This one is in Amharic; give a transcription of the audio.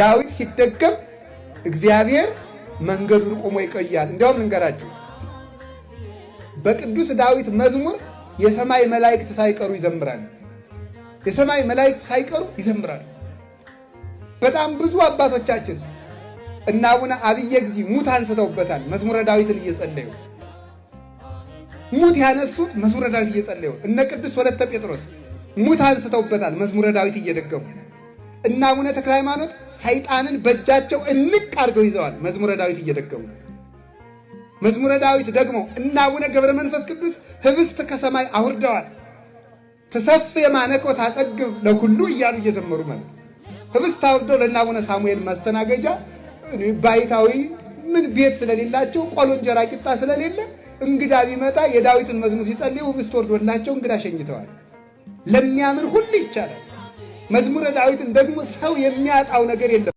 ዳዊት ሲደገም እግዚአብሔር መንገዱን ቆሞ ይቀያል። እንዲያውም ልንገራችሁ፣ በቅዱስ ዳዊት መዝሙር የሰማይ መላእክት ሳይቀሩ ይዘምራል። የሰማይ መላእክት ሳይቀሩ ይዘምራል። በጣም ብዙ አባቶቻችን እነ አቡነ አብየ ጊዜ ሙት አንስተውበታል። መዝሙረ ዳዊትን እየጸለዩ ሙት ያነሱት መዝሙረ ዳዊት እየጸለዩ እነ ቅዱስ ወለተ ጴጥሮስ ሙት አንስተውበታል። መዝሙረ ዳዊት እየደገሙ እና አቡነ ተክለ ሃይማኖት ሰይጣንን በእጃቸው እንቅ አድርገው ይዘዋል። መዝሙረ ዳዊት እየደገሙ መዝሙረ ዳዊት ደግሞ እና አቡነ ገብረ መንፈስ ቅዱስ ህብስት ከሰማይ አውርደዋል። ትሰፍ የማነቆ ታጸግብ ለሁሉ እያሉ እየዘመሩ ማለት ህብስት አውርደው ለእነ አቡነ ሳሙኤል ማስተናገጃ ባይታዊ ምን ቤት ስለሌላቸው ቆሎ እንጀራ ቂጣ ስለሌለ እንግዳ ቢመጣ የዳዊትን መዝሙር ሲጸልዩ ህብስት ወርዶላቸው እንግዳ ሸኝተዋል። ለሚያምን ሁሉ ይቻላል። መዝሙረ ዳዊትን ደግሞ ሰው የሚያጣው ነገር የለም።